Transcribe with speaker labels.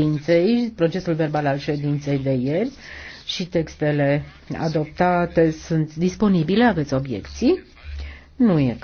Speaker 1: ședinței, procesul verbal al ședinței de ieri și textele adoptate sunt disponibile. Aveți obiecții? Nu e